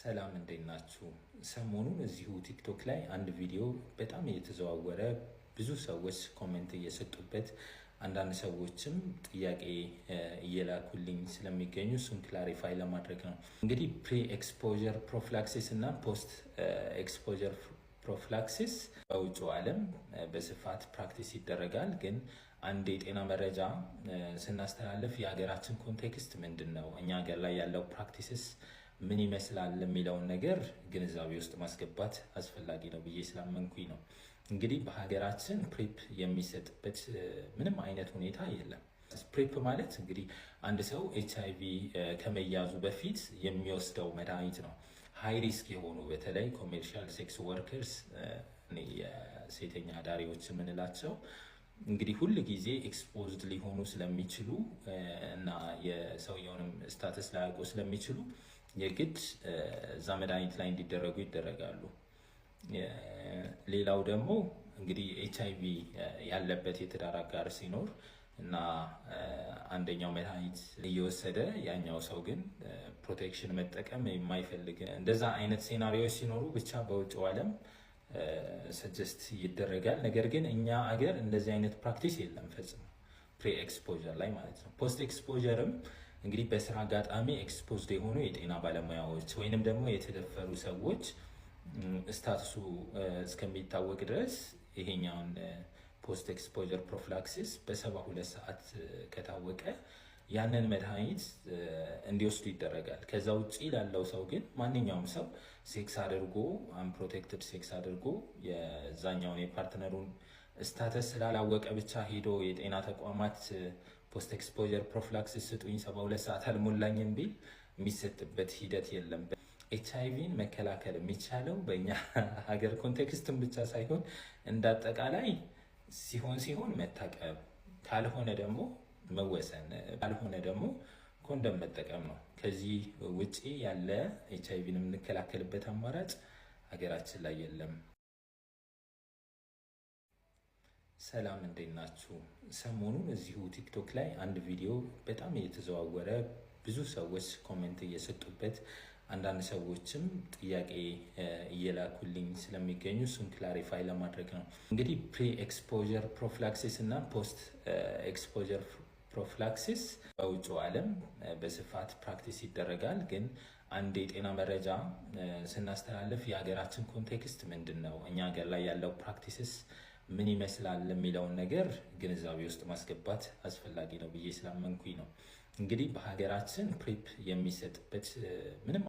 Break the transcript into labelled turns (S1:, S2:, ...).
S1: ሰላም እንዴት ናችሁ? ሰሞኑን እዚሁ ቲክቶክ ላይ አንድ ቪዲዮ በጣም እየተዘዋወረ ብዙ ሰዎች ኮሜንት እየሰጡበት አንዳንድ ሰዎችም ጥያቄ እየላኩልኝ ስለሚገኙ እሱን ክላሪፋይ ለማድረግ ነው። እንግዲህ ፕሪ ኤክስፖዠር ፕሮፍላክሲስ እና ፖስት ኤክስፖዠር ፕሮፍላክሲስ በውጭ ዓለም በስፋት ፕራክቲስ ይደረጋል። ግን አንድ የጤና መረጃ ስናስተላለፍ የሀገራችን ኮንቴክስት ምንድን ነው? እኛ ሀገር ላይ ያለው ፕራክቲስስ ምን ይመስላል የሚለውን ነገር ግንዛቤ ውስጥ ማስገባት አስፈላጊ ነው ብዬ ስላመንኩኝ ነው። እንግዲህ በሀገራችን ፕሪፕ የሚሰጥበት ምንም አይነት ሁኔታ የለም። ፕሪፕ ማለት እንግዲህ አንድ ሰው ኤች አይ ቪ ከመያዙ በፊት የሚወስደው መድኃኒት ነው። ሃይ ሪስክ የሆኑ በተለይ ኮሜርሻል ሴክስ ወርከርስ የሴተኛ አዳሪዎች የምንላቸው እንግዲህ ሁል ጊዜ ኤክስፖዝድ ሊሆኑ ስለሚችሉ እና የሰውየውንም ስታተስ ላያውቁ ስለሚችሉ የግድ እዛ መድኃኒት ላይ እንዲደረጉ ይደረጋሉ። ሌላው ደግሞ እንግዲህ ኤች አይቪ ያለበት የትዳር አጋር ሲኖር እና አንደኛው መድኃኒት እየወሰደ ያኛው ሰው ግን ፕሮቴክሽን መጠቀም የማይፈልግ እንደዛ አይነት ሴናሪዎች ሲኖሩ ብቻ በውጭው ዓለም ሰጀስት ይደረጋል። ነገር ግን እኛ አገር እንደዚህ አይነት ፕራክቲስ የለም ፈጽሞ ፕሪ ኤክስፖዠር ላይ ማለት ነው። ፖስት ኤክስፖዠርም እንግዲህ በስራ አጋጣሚ ኤክስፖዝድ የሆኑ የጤና ባለሙያዎች ወይንም ደግሞ የተደፈሩ ሰዎች ስታቱሱ እስከሚታወቅ ድረስ ይሄኛውን ፖስት ኤክስፖዠር ፕሮፍላክሲስ በሰባ ሁለት ሰዓት ከታወቀ ያንን መድኃኒት እንዲወስዱ ይደረጋል። ከዛ ውጭ ላለው ሰው ግን ማንኛውም ሰው ሴክስ አድርጎ አንፕሮቴክትድ ሴክስ አድርጎ የዛኛውን የፓርትነሩን ስታተስ ስላላወቀ ብቻ ሄዶ የጤና ተቋማት ፖስት ኤክስፖዠር ፕሮፍላክስ ስጡኝ ሰባ ሁለት ሰዓት አልሞላኝም ቢል የሚሰጥበት ሂደት የለም። ኤች አይቪን መከላከል የሚቻለው በእኛ ሀገር ኮንቴክስትን ብቻ ሳይሆን እንደ አጠቃላይ ሲሆን ሲሆን መታቀብ ካልሆነ ደግሞ መወሰን ካልሆነ ደግሞ ኮንደም መጠቀም ነው። ከዚህ ውጪ ያለ ኤች የምንከላከልበት አማራጭ ሀገራችን ላይ የለም። ሰላም እንዴት ናችሁ? ሰሞኑን እዚሁ ቲክቶክ ላይ አንድ ቪዲዮ በጣም እየተዘዋወረ ብዙ ሰዎች ኮሜንት እየሰጡበት አንዳንድ ሰዎችም ጥያቄ እየላኩልኝ ስለሚገኙ እሱን ክላሪፋይ ለማድረግ ነው። እንግዲህ ፕሪ ኤክስፖዠር ፕሮፍላክሲስ እና ፖስት ኤክስፖዠር ፕሮፍላክሲስ በውጭ ዓለም በስፋት ፕራክቲስ ይደረጋል። ግን አንድ የጤና መረጃ ስናስተላልፍ የሀገራችን ኮንቴክስት ምንድን ነው? እኛ ሀገር ላይ ያለው ፕራክቲስስ ምን ይመስላል የሚለውን ነገር ግንዛቤ ውስጥ ማስገባት አስፈላጊ ነው ብዬ ስላመንኩኝ ነው። እንግዲህ በሀገራችን ፕሪፕ የሚሰጥበት ምንም